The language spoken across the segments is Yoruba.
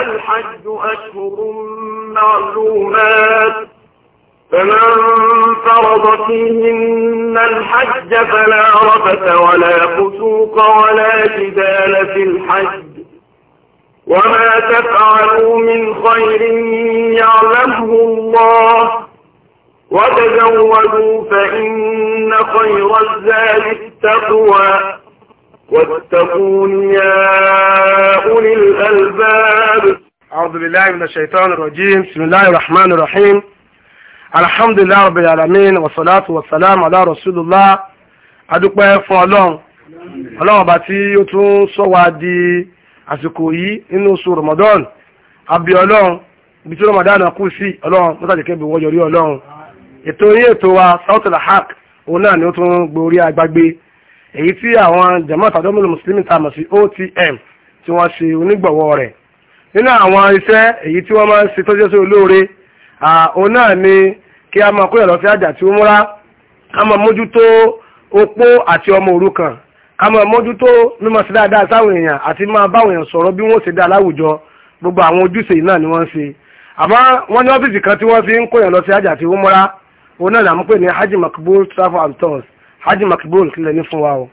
الحج أشهر معلومات فمن فرض فيهن الحج فلا رفت ولا فسوق ولا جدال في الحج وما تفعلوا من خير يعلمه الله وتزودوا فإن خير الزاد التقوى واتقون يا أولي الألباب أعوذ بالله من الشيطان الرجيم بسم الله الرحمن الرحيم الحمد لله رب العالمين والصلاة والسلام على رسول الله adúpẹ́ fún ọlọ́run ọlọ́run ọba tí ó tún sọ wá di àsìkò yìí nínú oṣù ramadan àbí ọlọ́run ibi tí ramadan kù sí ọlọ́run mọ́tàdìkẹ́ bí wọ́n yọrí ọlọ́run ètò yìí ètò wa Sawtul Haq òun náà ni ó tún gbórí agbágbé èyí tí àwọn jamaat adomul muslimin tá a mọ̀ sí otm tí wọ́n ṣe onígbọ̀wọ́ rẹ̀ nínú àwọn iṣẹ́ èyí tí wọ́n máa ń ṣe tó jẹ́ sí olóore òun náà ni kí a máa kó ìrọ̀lọ́sí àjà tí ó múra ká máa mójútó opó àti ọmọ òrukàn ká máa mójútó mímọ̀ sí dáadáa sáwọn èèyàn àti máa báwọn èèyàn sọ̀rọ̀ bí wọ́n ṣe dá láwùjọ gbogbo àwọn ojúṣe yìí náà ni wọ́n ń ṣe àmọ́ wọ́n ní ọ́fíìsì kan tí wọ́n fi ń kó ìrọ̀lọ́sí àjà tí ó múra òun náà là pè ní hajj makbul travel and tours حاجه مقبول كل نصف واو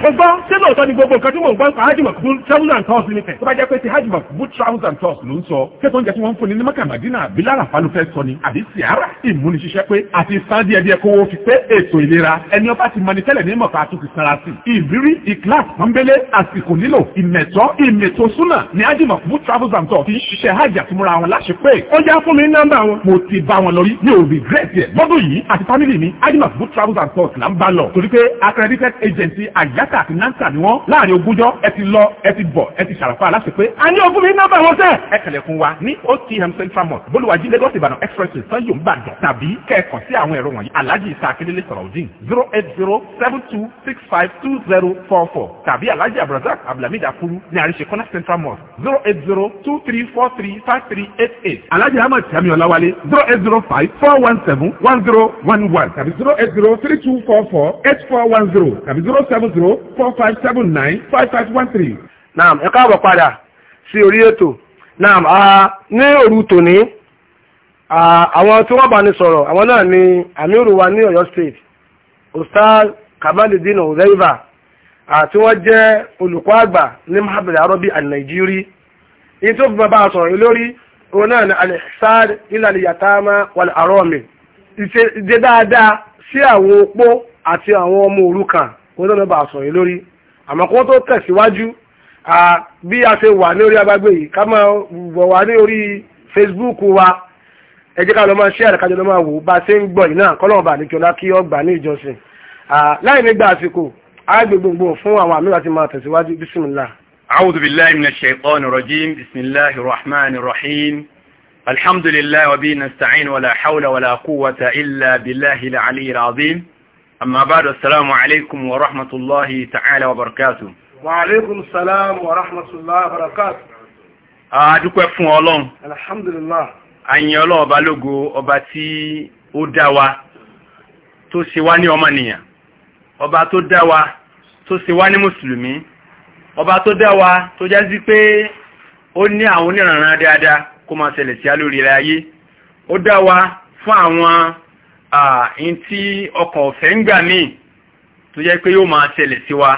gbọ́ ṣé lóòótọ́ ni gbogbo nǹkan tí mò ń gbọ́ pa hajj makbul travel and tours limited tó bá jẹ́ pé ti hajj makbul travel and tours ló ń sọ kẹ́tọ́ oúnjẹ tí wọ́n ń fún ni ní mọ́kà màdínà àbí lára falufẹ́ sọ ni àbí sìárà ìmúniṣiṣẹ́ pé àti san díẹ̀ díẹ̀ kówó fi pé ètò ìlera ẹni ọba ti mọni tẹ́lẹ̀ ní mọ̀ká tó ti sanra sí ìrírí ìkíláàs pọ́nbélé àsìkò nílò ìmẹ̀tọ́ ìmẹ̀tọ́ súnà ní hajj makbul travel and tours ti ń ṣiṣẹ́ hajj àtúmúra wọn láṣẹ pé ó já fún mi nọ́mbà wọn mo ti bá wọn lọ rí mi ò regret yẹ lọ́dún yìí àti family mi hajj makbul travel and tours là ń bá lọ torí pé accredited agency àyà tálákà àti náńtà ni wọ́n láàrin ogúnjọ́ ẹ ti lọ ẹ ti bọ̀ ẹ ti ṣàràfà aláṣẹ pé a ní ogún mi nọ́mbà wọn sẹ́ ẹ kẹlẹ̀kùn wa ní otm central mosque bolúwàjí lagos ìbàdàn expressway sanyo ìbàdàn tàbí kẹ́ẹ̀kan sí àwọn ẹ̀rọ wọ̀nyí alhaji isa akindele sọ̀rọ̀dín zero eight zero seven two six five two zero four four tàbí alhaji abdulrasaq abdulhamid akuru ní àríṣe kọ́nà central mosque zero eight zero two three four three five three eight eight alhaji ahmed sami ọláwálé zero eight zero five four one seven one zero one one tàbí zero eight zero three two four four eight four one zero tàbí zero seven zero four five seven nine five five one three. naam ẹ káàbọ̀ padà sí orí ètò naam ní òru tòní àwọn tí wọ́n bá ní sọ̀rọ̀ àwọn náà ni amiru wa ní Ọ̀yọ́ state ustaz kamaludin ọ̀rẹ́ivà àti wọ́n jẹ́ olùkọ́ àgbà ní mahabir arọ́bí àti nàìjírí èyí tó fi bàbá sọ̀rọ̀ lórí òun náà ni alexad ilàlẹ̀ yatama wàlẹ̀ arọ́mi ìṣe dáadáa sí àwọn opó àti àwọn ọmọ òrukàn kó tó lọ́ba àsọ̀yìn lórí àmọ́ tó tẹ̀síwájú bí a ṣe wà ní orí abágbé yìí ká máa wọ̀ wá ní orí Facebook wa ẹ ká lọ máa share kájọ lọ máa wò bá a ṣe ń gbọ́ yìí náà kọ́lọ́mù bá àlejò ọlá kí ọ ní ìjọsìn láì nígbà àsìkò àgbègbè fún àwọn àmì láti máa tẹ̀síwájú bismillah. أعوذ بالله من الشيطان الرجيم بسم الله الرحمن الرحيم الحمد لله وبه نستعين ولا حول ولا قوة إلا بالله أما بعد السلام عليكم ورحمة الله تعالى وبركاته وعليكم السلام ورحمة الله وبركاته Adúpẹ́ fún Ọlọ́run. Alhamdulillah. Àyìn Ọlọ́run ọba lógo ọba tí ó dá wa tó ṣe wá Ọba tó dá wa tó ṣe Ọba tó dá wa tó pé àwọn ààyìn tí ọkọ̀ ọ̀fẹ́ ń gbà míì tó jẹ́ pé yóò máa ṣẹlẹ̀ sí wa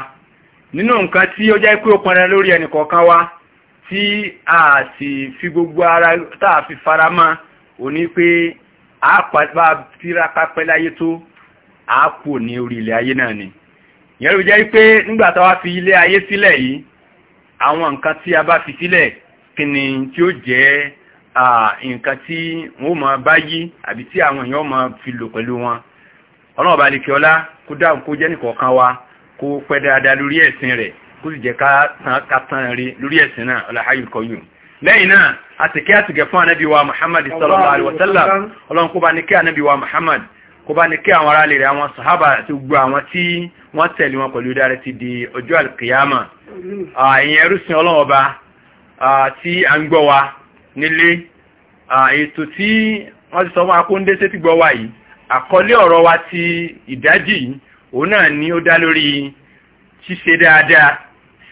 nínú nǹkan tí ó jẹ́ pé ó pọnra lórí ẹnìkọ̀ọ̀kan wa tí a sì fi gbogbo ara tá a fi fara mọ́ òní pé a pàtàkì tiraka pẹ́ láyé tó a kò ní orí ilẹ̀ ayé náà ni ìyẹn ló jẹ́ pé nígbà tá a fi ilé ayé sílẹ̀ yìí àwọn nǹkan tí a bá fi sílẹ̀ kí tí ó jẹ́ nǹkan tí wọ́n máa bá yí àbí tí àwọn èèyàn máa fi lò pẹ̀lú wọn ọlọ́run bá lè kí ọlá kó dáhùn kó jẹ́ nìkọ̀ọ̀kan wa kó pẹ́ dáadáa lórí ẹ̀sìn rẹ̀ kó sì jẹ́ ká tán rí lórí ẹ̀sìn náà ọláhayù kọyù lẹ́yìn náà àtìkẹ́ àtìkẹ́ fún anábì wa muhammad sallallahu alaihi wasallam ọlọ́run kó bá ní kí muhammad kó bá ní kí àwọn ará lè rẹ̀ àwọn sàhábà àti gbogbo àwọn tí wọ́n tẹ̀lé wọn pẹ̀lú nílé ètò tí wọ́n ti sọ fún akóńdé sétí gbọ́ wa yìí àkọlé ọ̀rọ̀ wa ti ìdájì òun náà ni ó dá lórí ṣíṣe dáadáa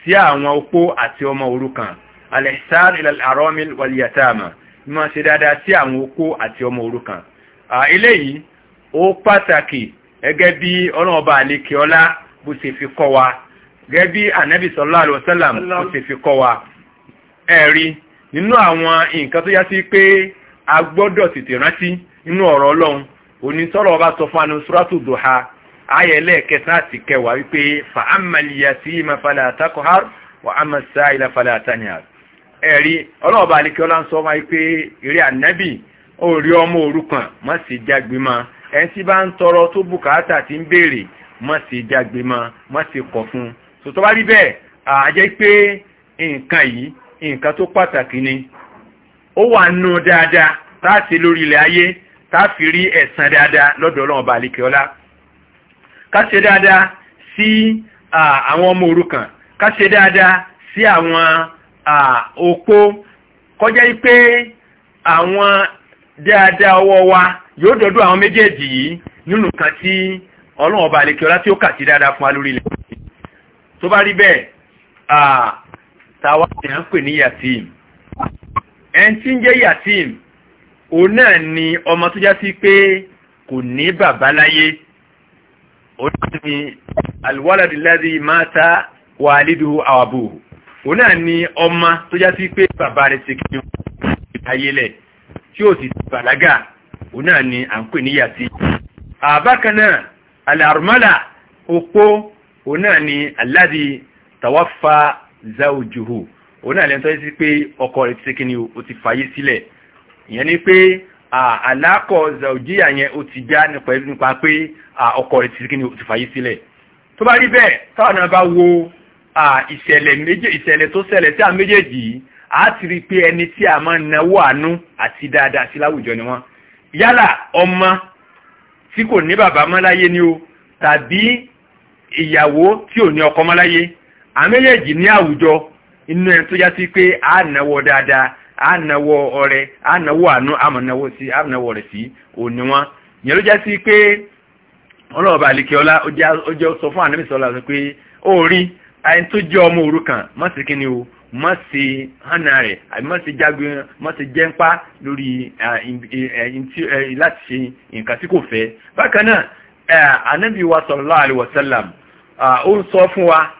sí àwọn opó àti ọmọ òrukàn alẹ́sàn ìlàrọ́mìl wàlíyàtàmà mímọ́ ṣe dáadáa sí àwọn opó àti ọmọ òrukàn eléyìí ó pàtàkì gẹ́gẹ́ bí ọlọ́ọ̀bà àlekè ọlá bó ṣe fi kọ́ wa gẹ́gẹ́ bí ànábì sallallahu alaihi bó ṣe fi kọ́ wa ẹ̀rí nínú àwọn nǹkan tó yá sí pé a gbọ́dọ̀ tètè rántí nínú ọ̀rọ̀ ọlọ́run onítọ́rọ̀ ọba sọ fún anusratu duha ayẹlẹ́ kẹsàn àti kẹwàá wípé fa amaliyà sí mafalà takohar wa amasa ilafalà tanihar ẹ̀rí ọlọ́ọ̀bá alikẹ́ ọlá ń sọ wáyé pé eré ànábì orí ọmọ òrukàn má sì jágbe mọ́ ẹni tí bá ń tọrọ tó bùkátà ti ń béèrè má sì jágbe má sì kọ̀ fún un bá rí bẹ́ẹ̀ àjẹ́ pé nǹkan yìí nǹkan tó pàtàkì ni ó wà nù dáadáa táàsì lórí ilẹ̀ ayé táàfi rí ẹ̀san dáadáa lọ́dọ̀ ọlọ́run ọba àlekèọ́lá ká ṣe dáadáa sí àwọn ọmọ òrukàn ká ṣe dáadáa sí àwọn opó kọjá pé àwọn dáadáa ọwọ́ wa yóò dọ́dọ̀ àwọn méjèèjì yìí nínú kan tí ọlọ́run ọba àlekèọ́lá tí ó kà sí dáadáa fún wa lórí ilẹ̀ tó bá rí bẹ́ẹ̀ tàwa tí a ń pè ní yatim ẹni tí ń jẹ́ yatim òun náà ni ọmọ tó já sí pé kò ní bàbá láyé òun náà ni alwaladu alladhi mata waliduhu awabuhu òun náà ni ọmọ tó já sí pé bàbá rẹ̀ ti kí ayélẹ̀ tí ó sì bàlágà òun náà ni à ń pè ní yatim àbákan náà alàrùmọ́là opó òun náà ni alladhi tawaffa zawjuhu òun náà lẹ́ntọ́ sí pé ọkọ rẹ̀ ti ṣe kíni o ti fàyè sílẹ̀ ìyẹn ni pé àlákọ̀ zawjiya yẹn ó ti já nípa pé ọkọ rẹ̀ ti ṣe kíni o ti fàyè sílẹ̀ tó bá rí bẹ́ẹ̀ táwọn náà bá wo ìṣẹ̀lẹ̀ tó ṣẹlẹ̀ sí àwọn méjèèjì á ti rí pé ẹni tí a máa náwó àánú àti dáadáa sí láwùjọ ni wọ́n yálà ọmọ tí kò ní bàbá mọ́ láyé ni o tàbí ìyàwó tí ò ní ọkọ mọ́ láyé àméjèèjì ní àwùjọ inú ẹni tó sí pé a náwó dáadáa a náwó ọrẹ a náwó àánú àmọ̀náwó sí àmọ̀náwó rẹ̀ sí òní wọn ìyẹn ló já sí pé ọlọ́ọ̀bà àlekèọlá ó jẹ́ sọ fún ànábì sọlá sọ pé ó rí ẹni tó jẹ́ ọmọ òrukàn má ṣe kí o má ṣe hànà rẹ̀ àbí má ṣe jágbe má ṣe jẹ́ńpá lórí láti ṣe nǹkan tí kò fẹ́ bákan náà wa sallallahu alaihi wasallam sọ fún wa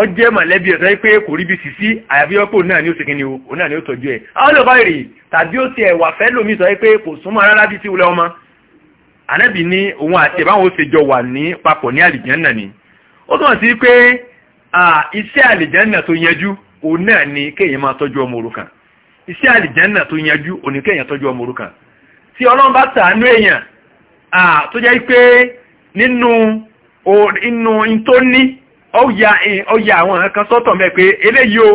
ọ jẹ́ mọ̀lẹ́bí ẹ̀sẹ̀ pé kò rí bí sísí àyàfi náà ni ó ṣèkínni o òun náà ni ó tọ́jú ẹ̀ àwọn olùkọ́ èrè tàbí ó ti ẹ̀wà fẹ́ lómi sọ pé kò súnmọ́ rárá bí ti wulẹ̀ ọmọ ànábì ní òun àti ìbáwọn ó ṣe jọ wà ní papọ̀ ní àlìjánà ni ó túmọ̀ sí pé iṣẹ́ àlìjánà tó yanjú òun náà ni kéèyàn máa tọ́jú ọmọ òrukàn iṣẹ́ àlìjánà tó yanjú òun ni kéèyàn tọ́jú ọmọ òrukàn tí ọlọ́run bá ó ya ó ya àwọn kan sọ́tọ̀ mẹ́ pé eléyìí o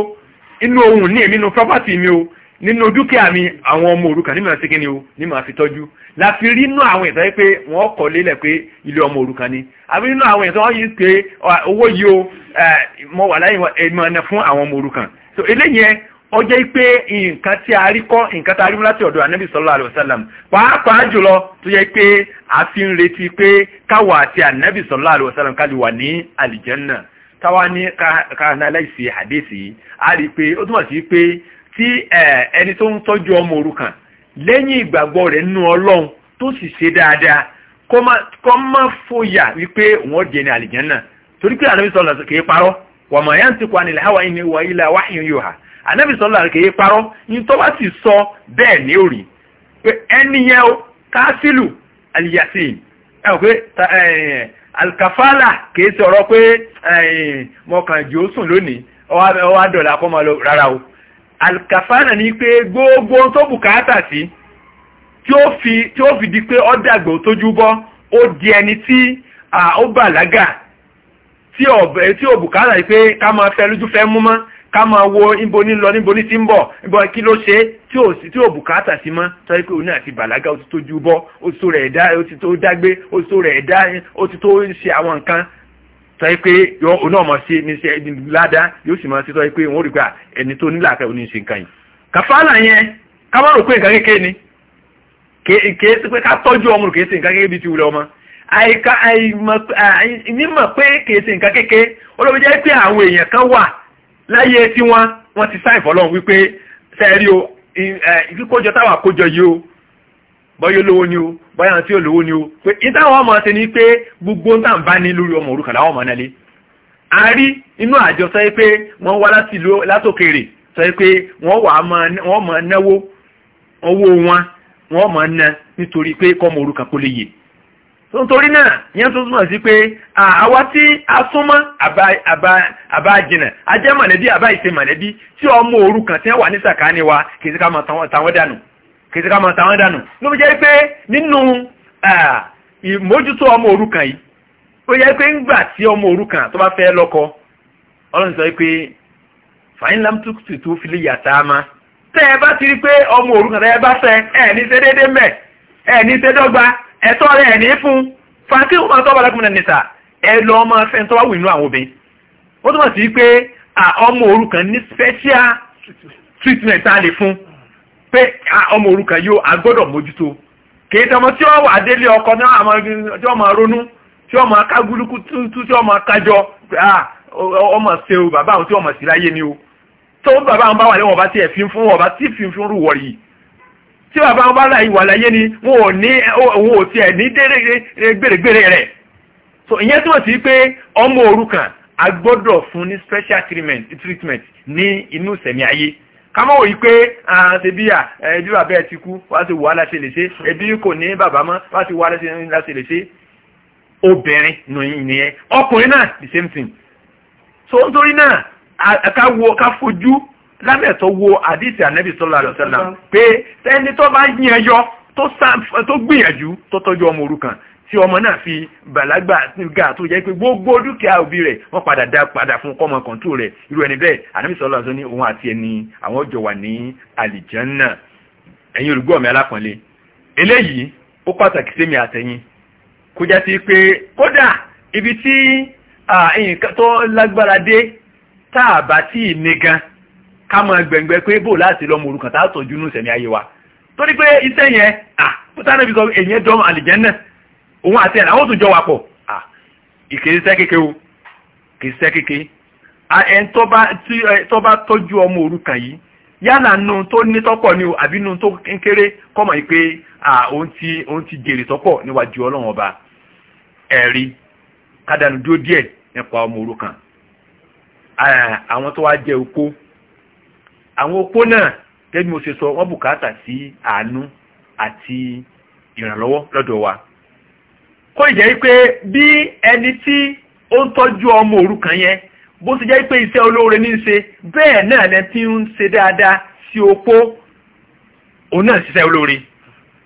inú ohun ní èmi nínú property mi o nínú dúkìá mi àwọn ọmọ òrukàn ní màá ṣe o ní màá fi tọ́jú la fi rí inú àwọn ìtọ́jú pé wọ́n kọ̀ lélẹ̀ pé ilé ọmọ òrukàn ni àbí inú àwọn ìtọ́jú yìí pé owó yìí o mo wà láyé ìmọ̀ ọ̀nà fún àwọn ọmọ òrukàn so eléyìí ó jẹ́ pé nǹkan tí a rí kọ́ nǹkan tí a rí mú láti ọ̀dọ̀ ànábì sallallahu alaihi wasallam pàápàá jùlọ tó yẹ pé a fi ń retí pé káwa àti ànábì sallallahu alaihi wasallam ká lè wà ní àlìjẹ́nnà táwa ní kanaláìsì àdéṣì a rí pé ó túmọ̀ sí pé tí ẹni tó ń tọ́jú ọmọ òrukàn lẹ́yìn ìgbàgbọ́ rẹ̀ nínú ọlọ́run tó sì ṣe dáadáa kó má fòyà wípé wọ́n jẹ́ ní àlìjánná torí pé ànábì sọ̀rọ̀ kì í parọ́ wàmọ̀ yá ń ti kwa nílẹ̀ hawa ìní wà ilẹ̀ wáhìn yóò hà ànábì sọ̀rọ̀ kì í parọ́ ní tó bá sì sọ bẹ́ẹ̀ ní òrì pé ẹni yẹn o káfílù àlìyàsìn ẹ̀ alkafala kìí sọ̀rọ̀ pé mọ̀kànjú ó sùn lónìí ọwá dọ̀là kọ́ máa lọ rárá o alkafala ni pé gbogbo tó bùkátà sí tí ó fi di pé ó dàgbò tójú bọ́ ó di ẹni tí ó bàlágà tí ò bùkátà pé ká máa fẹ́ lójú fẹ́ mú mọ́ ká máa wo níbo ní lọ níbo ní ti ń bọ̀ níbo kí ló ṣe tí ò sí tí ò bùkátà sí mọ́ pé òun náà ti bàlágà ó ti tó ju bọ́ ó ti tó rẹ̀ dá ó ti tó dágbé ó ti tó rẹ̀ dá ó ti tó ṣe àwọn nǹkan sọ pé òun náà mọ̀ sí ní ṣe ládàá yóò sì máa ṣe pé òun ò rí pé ẹni tó nílà ṣe nǹkan yìí. kàfàlà yẹn ká má rò pé ni pé ká tọ́jú ọmọ láyé tí wọ́n wọ́n ti sáìn fọ́lọ́run wípé sẹ́ẹ̀rí o ìkójọ táwọn àkójọ yìí o bọ́yá lówó ni o bọ́yá tí olówó ni o pé ìtàwọn ọmọ ṣe ni pé gbogbo ń bá ní lórí ọmọ òrukàn láwọn ọmọ náà lé a rí inú àjọ sọ pé wọ́n wá látòkèrè sọ pé wọ́n wà wọ́n mọ̀ náwó owó wọn wọ́n mọ̀ ná nítorí pé kọ́mọ òrukàn kó lè yè nítorí náà yẹn tó túmọ̀ sí pé àwa tí a súnmọ́ àbá jìnà a jẹ́ mọ̀lẹ́bí àbá ìṣe mọ̀lẹ́bí tí ọmọ òrukàn tí wà ní sàkáání wa kìí ká máa tàwọn dànù kìí ká máa tàwọn dànù ló fi jẹ́ pé nínú ìmójútó ọmọ òrukàn yìí ó yẹ pé ńgbà tí ọmọ òrukàn tó bá tó bá fẹ́ ẹ̀ ní ẹ̀tọ́ rẹ̀ ní fún fanti ó máa tọ́bàlá kúmọ̀ nìta ẹ lọ ọmọ fẹ́ tó wá wù àwọn obìnrin ó túnmọ̀ sí pé ọmọ ní special a lè fún pé ọmọ òrukàn yóò agbọ́dọ̀ mójútó kìí ọkọ náà tí ó máa ronú tí ó máa tí ó máa kájọ ọmọ ṣe o bàbá àwọn tí ó máa sì ni o tó bàbá tí bàbá wọn bá láì wà láyé ni wọn ò ní òun ò tiẹ̀ ní gbèrègbèrè rẹ̀ so ìyẹn túmọ̀ sí pé ọmọ òrukàn a gbọ́dọ̀ fún ní special treatment treatment ní inú sẹ̀mí ayé kámọ́ wòye pé àṣebí à ẹbí bàbá ẹ ti kú wá sí wàhálà ṣe lè ṣe ẹbí kò ní bàbá mọ́ wá sí wàhálà ṣe lè ṣe obìnrin nìyẹn ọkùnrin náà the same thing so nítorí náà ká wo ká fojú lábẹ́ tó wo àdìsí ànẹ́bí sallallahu alaihi wasallam pé ẹni tó bá yíyan yọ tó gbìyànjú tó tọ́jú ọmọ òrukàn tí ọmọ náà fi bàlágbà ga tó jẹ́ pé gbogbo dúkìá òbí rẹ̀ wọ́n padà dá padà fún kọ́mọ kọ̀ǹtù rẹ̀ irú ẹni bẹ́ẹ̀ ànẹ́bí sallallahu alaihi wasallam ní òun àti ẹni àwọn jọ wà ní àlìjánná ẹ̀yin olùgbọ́ mi alápọ̀nlé eléyìí ó pàtàkì sí mi àtẹ̀yìn kó já sí pé kódà ibi tí nǹkan tó lágbára dé tá a bá tí ì ká mọ gbẹ̀ngbẹ̀ pé bò láti lọ́mọ òrukàn tá a tọ́jú ní ìsẹ̀mí ayé wa torí pé iṣẹ́ yẹn ah pátánà bí sọ èyí dán àlìjẹ́nà òun àti ẹ̀nà àwọn tó jọ pọ̀ ah ìkèsíṣẹ́ kéke o kèsíṣẹ́ kéke ẹn tó bá tọ́jú ọmọ òrukàn yìí yálà nu tó ní tọ́pọ̀ ni o àbí nu tó kéré kọ́mọ̀ yìí pé òun ti òun ti jèrè tọ́pọ̀ níwájú ọlọ́run ọba ẹ̀rí kádàánù dúró díẹ̀ nípa ọmọ àwọn opó náà gẹ́gẹ́ bí mo ṣe sọ wọ́n bùkátà sí àánú àti ìrànlọ́wọ́ lọ́dọ̀ wa kó ìjẹ́ pé bí ẹni tí ó ń tọ́jú ọmọ òrukàn yẹn bó ti jẹ́ pé iṣẹ́ olóore ní í ṣe bẹ́ẹ̀ náà lẹ ti ń ṣe dáadáa sí opó òun náà ṣiṣẹ́ olóore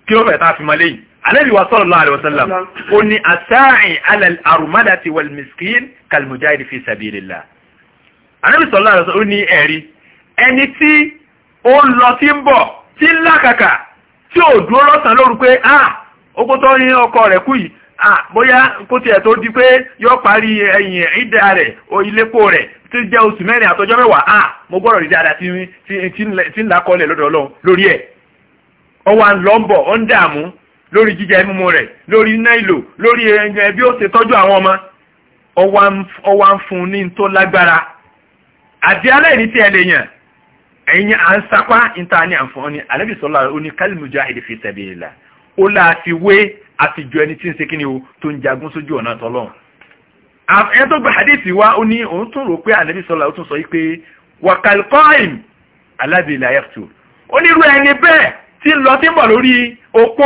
kí ló fẹ́ tá a fi mọ́ lẹ́yìn anabi wa sallallahu alaihi wasallam ó ní asa'i ala al-armalati wal miskin kal mujahid fi sabilillah anabi sallallahu alaihi ó ní ẹ̀rí ẹni tí ó ń lọ tí ń bọ̀ tí ń làkàkà tí ò dúró lọ́sàn lóru pé ah ogó tó ọkọ rẹ̀ kú yìí ah bóyá kó tó di pé yọ parí ẹ̀yìn ìdá rẹ̀ o ilépo rẹ̀ tí jẹ́ oṣù mẹ́rin àtọjọ́ mẹ́wàá ah mo gbọ́dọ̀ rí dáadáa tí ń lakọlẹ̀ lọ́dọ̀ ọlọ́run lórí ẹ̀ ń lọ ń bọ̀ ọ ń dààmú lórí jíjẹ mímu rẹ̀ lórí iná ìlò lórí ó ṣe tọ́jú àwọn ọmọ ń fún ní tó lágbára alẹ́ ní ẹ̀yìn à ń sapá níta ní àǹfààní ànábì sọ́lá ó ní kálímùjáhìdì fi sabilillah ó láàfi wé àfijọ́ ẹni tí ń ṣe ni o tó ń jagun sójú ọ̀nà tọ́lọ́run ẹni tó gba hadith wa ó ní òun tún rò pé ànábì sọ́lá ó tún sọ yìí pé wàkàlùkọ́ìm alábìlà yàtò onírú ẹni bẹ́ẹ̀ tí ń lọ tí ń bọ̀ lórí opó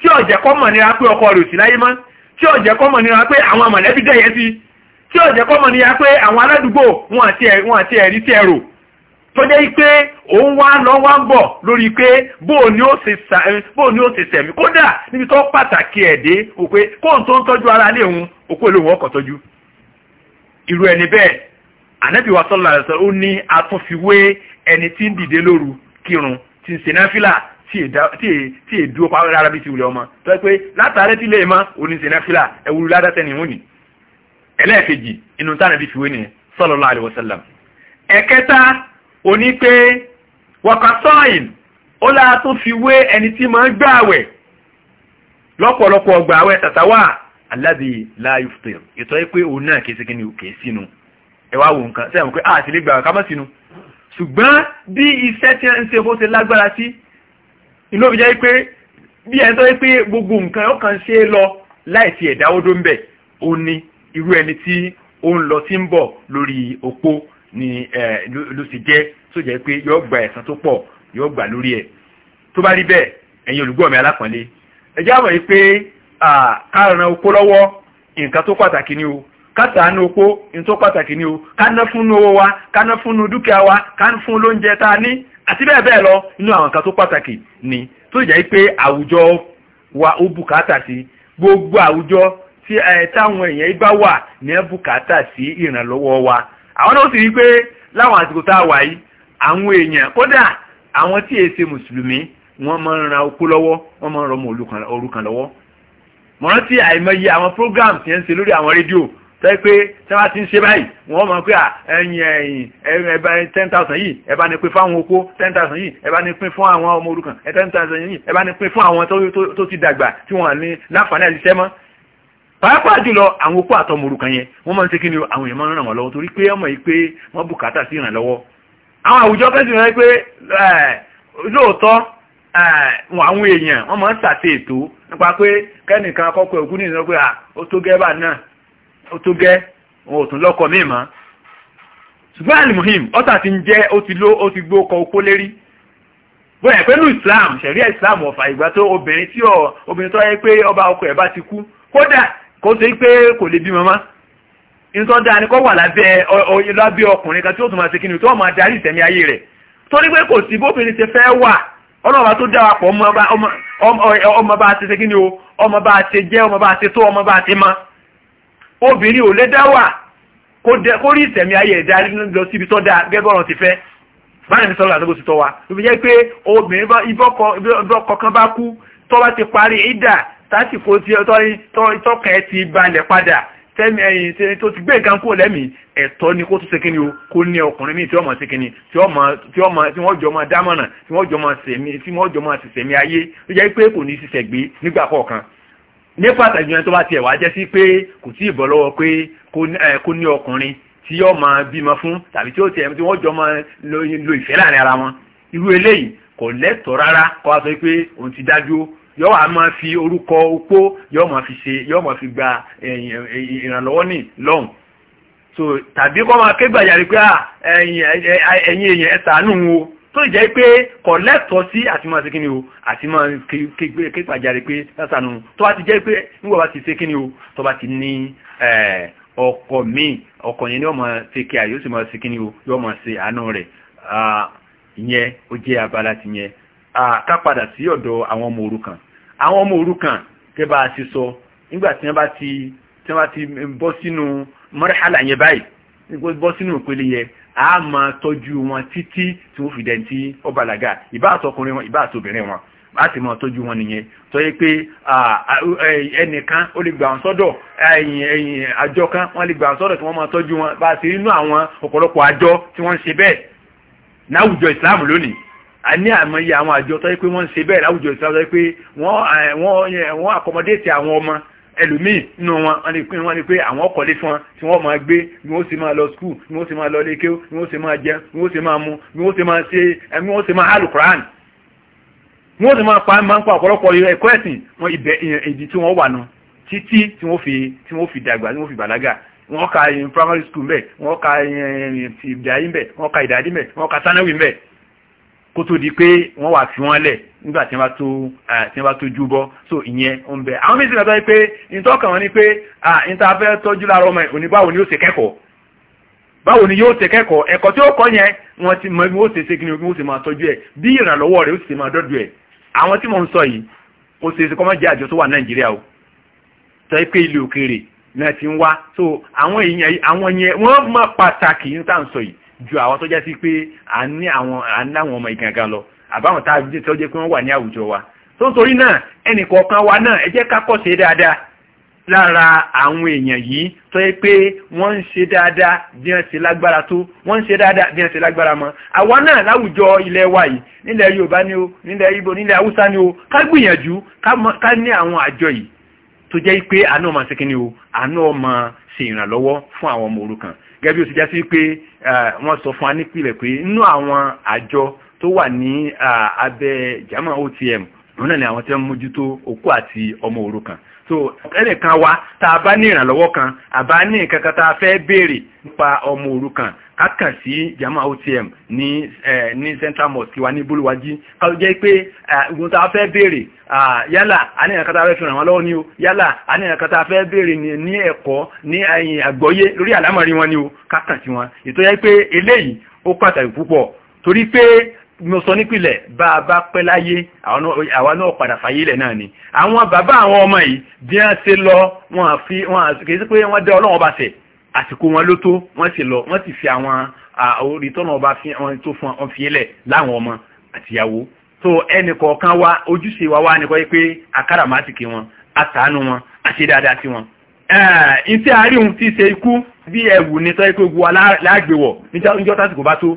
tí ọ̀jẹ̀ kọ́ mọ̀ nira pé ọkọ rẹ̀ ò sí láyé mọ́ tí ọ̀jẹ̀ kọ́ mọ̀ nira pé àwọn mọ̀lẹ́bí dẹ̀yẹ sí tí ọ̀jẹ̀ kọ́ mọ̀ nira pé àwọn aládùúgbò wọn àti ẹ̀rí tí ẹ̀rò tó jẹ́ pé òun wá lọ wá ń bọ̀ lórí pé bóò ni ó ṣe eh, sẹ̀mí kódà níbi tó pàtàkì ẹ̀dẹ́ òpé kóhùn tó ń tọ́jú ara lé òun òpó olóhùn ọkọ̀ tọ́jú irú ẹni bẹ́ẹ̀ ànábì wa sọ́lá ẹ̀sọ́ ó ní atúnfiwé ẹni tí ń dìde lóru kírun tí ń ṣe náfìlà tí èdú ọ̀pá rárá bí ti wùlẹ̀ ọmọ tó yẹ pé látàárẹ̀ tí lè mọ́ òní ṣe náfìlà ẹ̀wùrú ládàtẹ́ni ìwọ̀nì ẹlẹ́ẹ̀kejì inú tánàbí fiwé nìyẹn sọ́lọ́lá o ní pé wọ̀kọ̀sọ́ìn ó lára tó fi wé ẹni tí máa ń gbààwẹ̀ lọ́pọ̀lọpọ̀ gbààwẹ̀ tàtàwà aláàbí láyùfẹ́ ìtọ́ pé òun náà kìí sí kí ni òkè sínú ẹwà wò nǹkan sẹ́yìn pé àti ah, lè gbààwẹ̀ kámọ́ sínú ṣùgbọ́n bí iṣẹ́ tí ń ṣe bó ṣe lágbára sí inú òbí jẹ́ pé bí ẹni tó yẹ pé gbogbo nǹkan ó kàn ṣe lọ láìsí ẹ̀dáwódó ń bẹ̀ ó ní irú ẹni tí ó ń lọ sí ń bọ̀ lórí òpó ni ẹ ló sì jẹ́ tó jẹ́ pé yóò gba ẹ̀san tó pọ̀ yóò gba lórí ẹ̀ tó bá rí bẹ́ẹ̀ ẹ̀yin olùgbọ́ mi alápọ̀nlé àmọ̀ yìí pé káàrán oko lọ́wọ́ nǹkan tó pàtàkì ni o kátàánú oko nǹkan tó pàtàkì ni o káná fúnnu owó wa káná fúnnu dúkìá wa káná fún lóúnjẹ tá a ní àti lọ inú àwọn nǹkan tó pàtàkì ni tó jẹ́ pé àwùjọ wa ó bùkátà sí gbogbo àwùjọ tí táwọn èèyàn bá wà ní ẹ bùkátà sí ìrànlọ́wọ́ wa àwọn náà sì rí pé láwọn àsìkò tá a wà yìí àwọn èèyàn kódà àwọn tí èsè mùsùlùmí wọ́n máa ń ran oko lọ́wọ́ wọ́n máa ń rọmọ òrukàn lọ́wọ́ mo rántí àìmọye àwọn programs yẹn ń ṣe lórí àwọn rédíò tẹ́ pé tí wọ́n ti ń ṣe báyìí wọ́n mọ̀ pé ẹ̀yìn ẹ̀yìn ẹ̀bá ten thousand yìí ẹ̀bá ni pín fún àwọn okó ten thousand yìí ẹ̀bá ni pín fún àwọn ọmọ òrukàn ten thousand yìí ẹ̀bá ni pín fún àwọn tó ti dàgbà tí wọ́n ní láǹfààní àti mọ́ pàápàá jùlọ àwọn okó àtọmọrùkan yẹn wọn máa ń ṣe kí ni àwọn èèyàn máa ń ràn torí pé ọmọ yìí pé wọ́n bùkátà sí ìrànlọ́wọ́ àwọn àwùjọ fẹ́sì rẹ pé eh, lóòótọ́ eh, àwọn èèyàn wọ́n máa ń ètò nípa pé kẹ́nìkan akọ́kọ́ nìyẹn pé ó tó gẹ́ bá náà ó tó gẹ́ wọn ò tún lọ́kọ míì mọ́ ṣùgbọ́n alimuhim ọ́tà islam ṣẹ̀ríà islam ọ̀fà ìgbà tó obìnrin tí obìnrin tó yẹ pé ọba ọkọ ẹ̀ bá ti kú kódà kó ṣe pé kò lè bí mọ́má ìtọ́jà ni kó wà lábẹ́ ọkùnrin kan tí ó tún máa ṣe kí ni tó máa darí ìtẹ̀mí ayé rẹ̀ torí pé kò sí bóbìnrin ṣe fẹ́ wà ọlọ́ọ̀bá tó dára pọ̀ ọmọ bá ṣe kí ni o ọmọ bá ṣe jẹ́ ọmọ bá ṣe tó ọmọ bá ṣe mọ́ obìnrin ò lè dá wà kó rí ìtẹ̀mí ayé rẹ̀ darí lọ síbi tó dáa gẹ́gẹ́ bọ́ọ̀rọ̀ ti fẹ́ báyìí sọ́rọ̀ àtọ́gbò tásìkò tí tọ́kẹ́ ti balẹ̀ padà tẹ́mi ẹyin ṣe tó ti gbé nǹkan kó lẹ́mí ẹ̀tọ́ ni kó tún ṣe kíni o kó ní ọkùnrin míì tí wọ́n mọ̀ ṣe kíni tí wọ́n jọ mọ̀ dámọ̀nà tí wọ́n jọ mọ̀ sẹ̀mí tí wọ́n jọ mọ̀ sẹ̀mí ayé tó jẹ́ pé kò ní ṣiṣẹ́ gbé nígbà kọ̀ọ̀kan ní pàtàkì yẹn tó bá tiẹ̀ wá jẹ́ sí pé kò tí ì bọ́ lọ́wọ́ pé kó ní ọkùnrin tí yóò máa bímọ fún tàbí tí ó tiẹ̀ tí wọ́n jọ máa lo ìfẹ́ láàrin ara wọn irú eléyìí kò lẹ́tọ̀ọ́ rárá kó wá sọ pé òun ti dájú yọ wà máa fi orúkọ opó yọ máa fi ṣe yọ máa fi gba eh, eh, ìrànlọ́wọ́ ní lọ́hùn so tàbí kọ́ máa ké gbàjarì pé ah, ẹ̀yin èèyàn ẹ ṣàánú o tó jẹ́ pé kò lẹ́tọ̀ọ́ sí àti máa ṣe kí ni o àti máa ké gbàjarì pé ẹ ṣàánú tó bá ti jẹ́ pé nígbà bá ti ṣe kí ni o tó bá ti ní eh, ọkọ míì ọkọ yẹn ni wọ́n máa ṣe kí àyè ó sì máa ṣe kí ni o yóò máa ṣe àánú rẹ̀ ah, ìyẹn ó jẹ́ abala ti yẹn ká padà sí ọ̀dọ̀ àwọn ọmọ òrukàn àwọn ọmọ òrukàn kẹba àti sọ nígbà tí wọ́n bá ti tí wọ́n bá ti bọ́ sínú mọ́rẹ́hálà yẹn báyìí bọ́ sínú ìpele yẹn a máa tọ́jú wọn títí tí wọ́n fi dẹ̀ tí ó wọn ìbá wọn a sì máa tọ́jú wọn nìyẹn tó yẹ pé ẹnìkan ó lè gbà wọn sọ́dọ̀ ẹ̀yìn àjọ kan wọ́n lè gbà wọn sọ́dọ̀ tí wọ́n máa tọ́jú wọn bá a ti rí inú àwọn ọ̀pọ̀lọpọ̀ àjọ tí wọ́n ń ṣe bẹ́ẹ̀ láwùjọ ìsìláàmù lónìí a ní àmọye àwọn àjọ tó yẹ pé wọ́n ń ṣe bẹ́ẹ̀ láwùjọ ìsìlámù tó yẹ pé wọ́n àkọmọdéètì eh, eh, àwọn ọmọ ẹlòmíì nínú wọn wọ́n ní pé àwọn ọkọ̀lé fún wọn tí wọ́n máa gbé ni wọ́n sì máa lọ skul ni wọ́n sì máa lọ lékè ni wọ́n sì máa jẹ ni wọ́n sì máa mu ni wọ́n sì máa ṣe eh, ni wọ́n sì máa hàlù koran ni wọ́n sì máa pa máa ń pa ọ̀pọ̀lọpọ̀ ẹ̀kọ́ ẹ̀sìn wọn ibẹ̀ ìdí tí wọ́n wà nù títí tí wọ́n fi tí wọ́n kó tó di pé wọ́n wà fi wọ́n lẹ̀ nígbà tí wọ́n bá tó júbọ́ so ìyẹn ń bẹ̀ àwọn méjì lọ́tọ́ pé ìtọ́kàn wọn ni pé ìta fẹ́ tọ́jú lára ọmọ ìní báwo ni yóò ṣe kẹ́kọ̀ọ́ báwo ni yóò ṣe kẹ́kọ̀ọ́ ẹ̀kọ́ tí ó kọ́ yẹn wọ́n ti mọ ibi ó ṣe ṣe ó ṣe máa tọ́jú ẹ̀ bí ìrànlọ́wọ́ rẹ̀ ó ṣe máa dọ́dọ̀ ẹ̀ àwọn tí mò ń sọ yìí ó ṣe ṣe o pé ilé òkèèrè so àwọn èèyàn àwọn yẹn wọ́n ju àwọn tó jẹ́ sí pé à ń ní àwọn à ń láwọn ọmọ ìgangan lọ àbáwọn tá a jẹ́ tó jẹ́ pé wọ́n wà ní àwùjọ wa tó ń torí náà ẹnì kọ̀ọ̀kan wa náà ẹ jẹ́ ká kọ́ ṣe dáadáa lára àwọn èèyàn yìí tó yẹ pé wọ́n ń ṣe dáadáa bí wọ́n ṣe lágbára tó wọ́n ń ṣe dáadáa bí wọ́n ṣe lágbára mọ́ àwa náà láwùjọ ilẹ̀ wa yìí nílẹ̀ Yorùbá ni o nílẹ̀ Ìgbò nílẹ̀ Haúsá ni o ká gbìyànjú ká ní àwọn àjọ yìí tó jẹ́ pé àánú ọmọ ṣe kí ni o àánú ọmọ ṣe ìrànlọ́wọ́ fún àwọn ọmọ òrukàn gẹ́gẹ́ bí ó ti já sí pé wọ́n sọ fún wa nípìnlẹ̀ pé nínú àwọn àjọ tó wà ní abẹ́ jama otm òun náà ni àwọn tí wọ́n mójútó òkú àti ọmọ òrukàn so ẹnìkan wa tá a bá ní ìrànlọ́wọ́ kan àbá ní nǹkan kan tá a fẹ́ béèrè nípa ọmọ òrukàn ká kàn sí jama otm ní ẹ ní central mosque wa ní bólúwájí ká ló jẹ́ pé ìgbóhùn tá a fẹ́ béèrè yálà a ní nǹkan tá a fẹ́ fi ràn lọ́wọ́ ni o yálà a ní nǹkan tá a fẹ́ béèrè ní ẹ̀kọ́ ní ẹ̀yìn àgbọ́yé lórí àlámọ̀rí wọn ni o ká kàn sí wọn ètò yẹ pé eléyìí ó pàtàkì púpọ̀ torí pé mo sọ nípìlẹ̀ bá a bá pẹ́ láyé àwọn náà padà fàyè ilẹ̀ náà ni àwọn bàbá àwọn ọmọ yìí bí wọ́n ṣe lọ wọ́n fi wọ́n kìí sí pé wọ́n dẹ́ ọlọ́wọ́n bá ṣẹ̀ àsìkò wọn ló tó wọ́n sì lọ wọ́n sì fi àwọn orí tọ́nà ọba tó fún wọn fi ilẹ̀ láwọn ọmọ àtìyàwó tó ẹnì kọ̀ọ̀kan wa ojúṣe wa wá nìkan pé akáràmásìkì wọn àtàánú wọn àti dáadáa sí wọn. ǹtí àárín òun ti ṣe ikú bí ẹ̀wù ni tọ́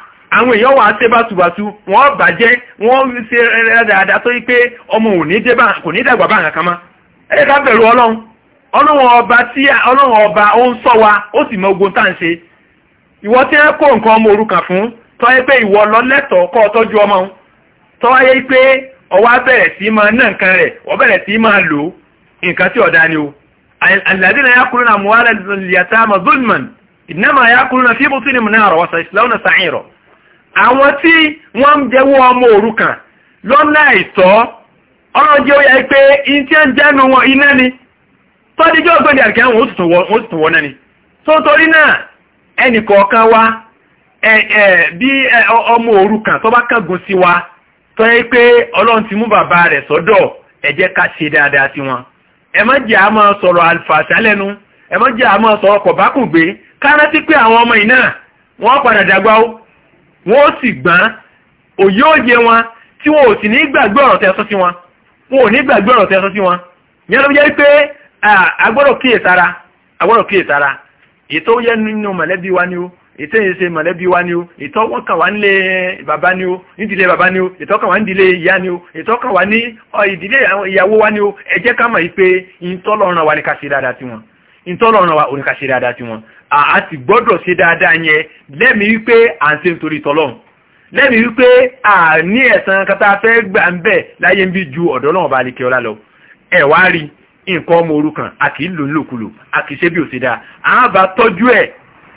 àwọn èèyàn wà á ṣe bátubàtu wọ́n bàjẹ́ wọn ṣe dáadáa tó yí pé ọmọ ò ní dé kò ní dàgbà bá nǹkan kan mọ́ ká bẹ̀rù ọlọ́run ọlọ́run ọba tí ọlọ́run ọba ó ń sọ wa ó sì mọ ogun tá à ń ṣe ìwọ tí ẹ kó nǹkan ọmọ òrukàn fún tọ́ ẹ pé ìwọ lọ lẹ́tọ̀ọ́ kọ́ ọ tọ́jú ọmọ tọ́ ayé pé ọwá bẹ̀rẹ̀ sí máa ná nǹkan rẹ̀ wọ́n bẹ̀rẹ̀ sí máa lò nǹkan tí ọ̀dá ni o alladhina ya'kuluna amwala al-yatama zulman innama ya'kuluna fi àwọn tí wọ́n jẹ́wọ́ ọmọ òrukàn lọ́nà àìtọ́ ọlọ́jẹ́ ó yẹ pé in tí ń jẹ́nu wọn iná ni tọ́díjọ́ ọgbẹ̀dẹ̀ àkẹ́ wọn ó sì wọ́n náà ni tó torí náà ẹnìkọ̀ọ̀kan wa bí ọmọ òrukàn wa yẹ ti mú bàbá rẹ̀ sọ́dọ̀ ká wọn ẹ má jẹ́ àmọ́ sọ̀rọ̀ ẹ má jẹ́ àmọ́ sọ̀rọ̀ ọmọ wọn padà dàgbà wọ́n si sì gbọ́n òye òye wọn tí wọ́n ò sì ní gbàgbé ọ̀rọ̀ tẹ́sọ́ sí wọn wọ́n ò ní gbàgbé ọ̀rọ̀ tẹ́sọ́ sí wọn yẹn ló jẹ́ pé agbọ́dọ̀ kíyèsára agbọ́dọ̀ kíyèsára ètò yẹ nínú mọ̀lẹ́bí wa ni ó ètò ṣe mọ̀lẹ́bí wa ni ó ètò wọn kàn wá ń bàbá ni ó bàbá ni ó ètò wá ń ìyá ìtọ́lọ́run wa oníkà ṣe dáadáa tí wọn a ti gbọ́dọ̀ ṣe dáadáa yẹn lẹ́mìí wípé à ń ṣe nítorí ìtọ́lọ́run lẹ́mìí wípé à ní ẹ̀san kata fẹ́ gbà ń bẹ̀ láyé ń bí ju ọ̀dọ́ náà bá lè kẹ́ ọ lálọ ẹ̀ wá rí nǹkan ọmọ òrukàn a kì í lò nílòkulò a kì í ṣe bí ò ṣe dáa a bá tọ́jú ẹ̀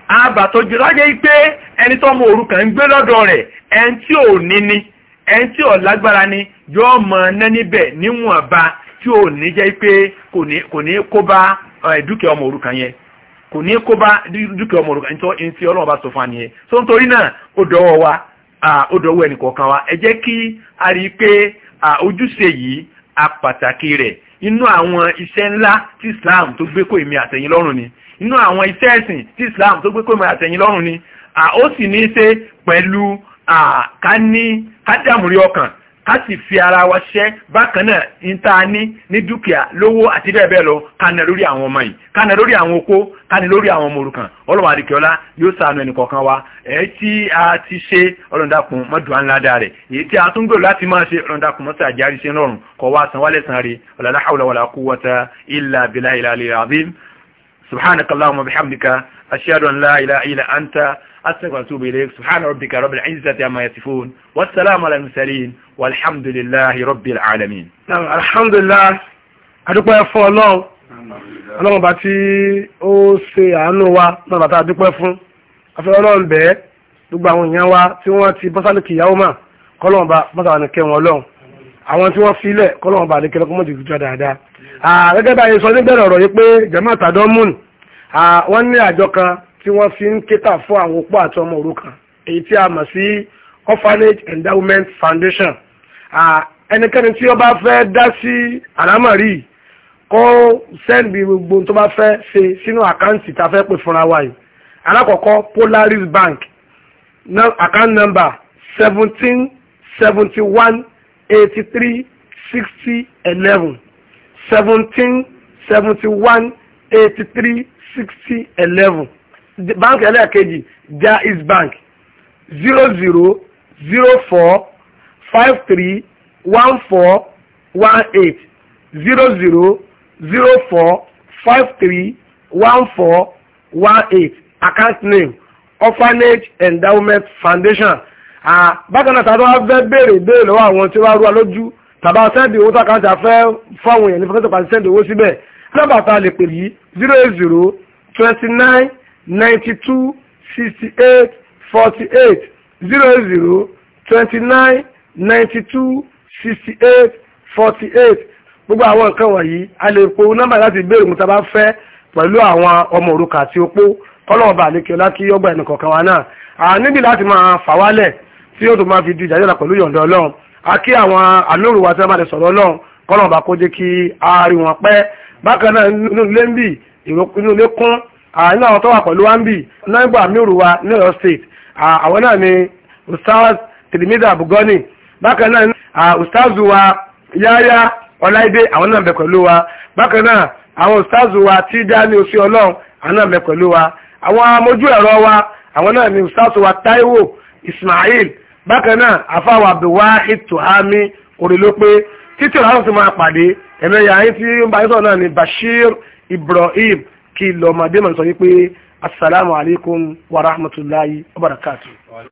a bá tọ́jú lájẹ́ pé ẹni tó ọmọ òrukàn ń gbé lọ́dọ̀ rẹ̀ ẹni tí ò Eh, dúkìá ọmọ òrukàn yẹn kò ní kó bá dúkìá ọmọ òrukàn ní tí ọlọ́run bá sọ fún àníyẹn so nítorí náà ó dọwọ́ wa ó dọwọ́ ẹnì kọ̀ọ̀kan wa ẹ jẹ́ kí a rí i pé ojúṣe yìí a pàtàkì rẹ̀ inú àwọn iṣẹ́ ńlá tí Islam tó gbé kó èmi àtẹ̀yìn lọ́rùn ni inú àwọn iṣẹ́ ẹ̀sìn tí Islam tó gbé kó èmi àtẹ̀yìn lọ́rùn ni ó sì ní í ṣe pẹ̀lú ká ní ká dàmúrí ọkàn ká sì fi ara wa ṣẹ́ bákan náà ń ta ní ní dúkìá lówó àti bẹ́ẹ̀ bẹ́ẹ̀ lọ kánà lórí àwọn ọmọ yìí kánà lórí àwọn okó kánà lórí àwọn ọmọ òrukàn ọlọ́wà àdìkẹ́ọ́lá yóò sànù ẹnì kọ̀ọ̀kan wa èyí tí a ti ṣe ọlọ́ndàkùn mọ́dùá ńlá dáa rẹ̀ èyí tí a tún gbèrò láti máa ṣe ọlọ́ndàkùn mọ́sà àjárí ṣe rọrùn kọ̀ wá san wálẹ̀ san rí ọ̀làlá أشهد أن لا إله إلا أنت أستغفرك وأتوب إليك سبحان ربك رب العزة عما يصفون والسلام على المرسلين والحمد لله رب العالمين الحمد لله adúpẹ́ fún ọlọ́run ọlọ́run bá tí ó ṣe àánú wa náà bàtà adúpẹ́ fún afẹ́ ọlọ́run bẹ́ẹ̀ gbogbo àwọn èèyàn wa tí wọ́n ti bọ́sálì kìyàwó mà kọ́lọ́run bá bọ́sà ní kẹwọn ọlọ́run àwọn tí wọ́n filẹ̀ kọ́lọ́run bá ní kẹlẹ́kọ́ mọ́jì jọ dáadáa gẹ́gẹ́ bá sọ nígbẹ̀rẹ̀ ọ̀rọ̀ yìí pé jẹ́mọ́ àtàdọ́mùn wọ́n ní àjọ kan tí wọ́n fi ń kéta fún àwọn opó àti ọmọ òrukàn èyí tí a mọ̀ sí orphanage endowment foundation ẹnikẹ́ni tí ó bá fẹ́ dá sí àlámọ̀rí kó sẹ́ndì gbogbo tó bá fẹ́ ṣe sínú àkáǹtì tá a fẹ́ pè fúnra wa yìí alákọ̀ọ́kọ́ Polaris Bank account number seventeen seventy one eighty three sixty eleven seventeen seventy one eighty three sixty eleven báńkì ẹlẹ́ẹ̀kejì Jaiz Bank zero zero zero four five three one four one eight zero zero zero four five three one four one eight account name orphanage endowment foundation bákan náà tàbí wọ́n fẹ́ béèrè béèrè lọ́wọ́ àwọn tí wọ́n rú alójú tàbí wọ́n sẹ́ndì owó tàkàtà fẹ́ fáwọn èèyàn ní fẹ́kẹ́tọ̀ pàṣẹ sẹ́ndì owó síbẹ̀ nọ́mbà tá a lè pè yí zero eight zero twenty nine ninety two sixty eight forty eight zero zero twenty nine ninety two sixty eight forty eight gbogbo àwọn nǹkan wọ̀nyí a lè po nọ́mbà láti béèrè mu tá a bá fẹ́ pẹ̀lú àwọn ọmọ òrukàn àti opó kọ́lọ́wọ́ bá lékè ọlá kí ọgbà ẹnìkan kan wa náà à níbi láti máa fà wálẹ̀ tí ó tún máa fi di ìjà yọ̀dà pẹ̀lú yọ̀ǹda ọlọ́run a kí àwọn alóòrù wa tí wọ́n bá lè sọ̀rọ̀ ọlọ́run kọ́lọ́wọ́ bá kó jẹ́ kí a rí wọn pẹ́ bákan náà nínú ilé ń bì inú ilé kún nínú àwọn tó wà pẹ̀lú wambi naibu amiruwa wa ní state àwọn náà ni ustaz tilimida bugoni bákan náà ustaz wa yáyá ọláìdé àwọn náà bẹ pẹ̀lú wa bákan náà àwọn ustaz wa tí dání oṣù ọlọ́run àwọn náà bẹ pẹ̀lú wa àwọn amójú ẹ̀rọ wa àwọn náà ni ustaz wa taiwo ismail bákan náà àfáwà abdulwahid tuhami orílópé títí ọ̀hánà ti máa pàdé ẹ̀mẹ́yà ayé tí ó ń bá yín sọ̀rọ̀ náà ni bashir Ibrahim kí lọ́mọdé mọ̀ sọ wípé assalamu alaikum wa rahmatulahi wa barakatuh.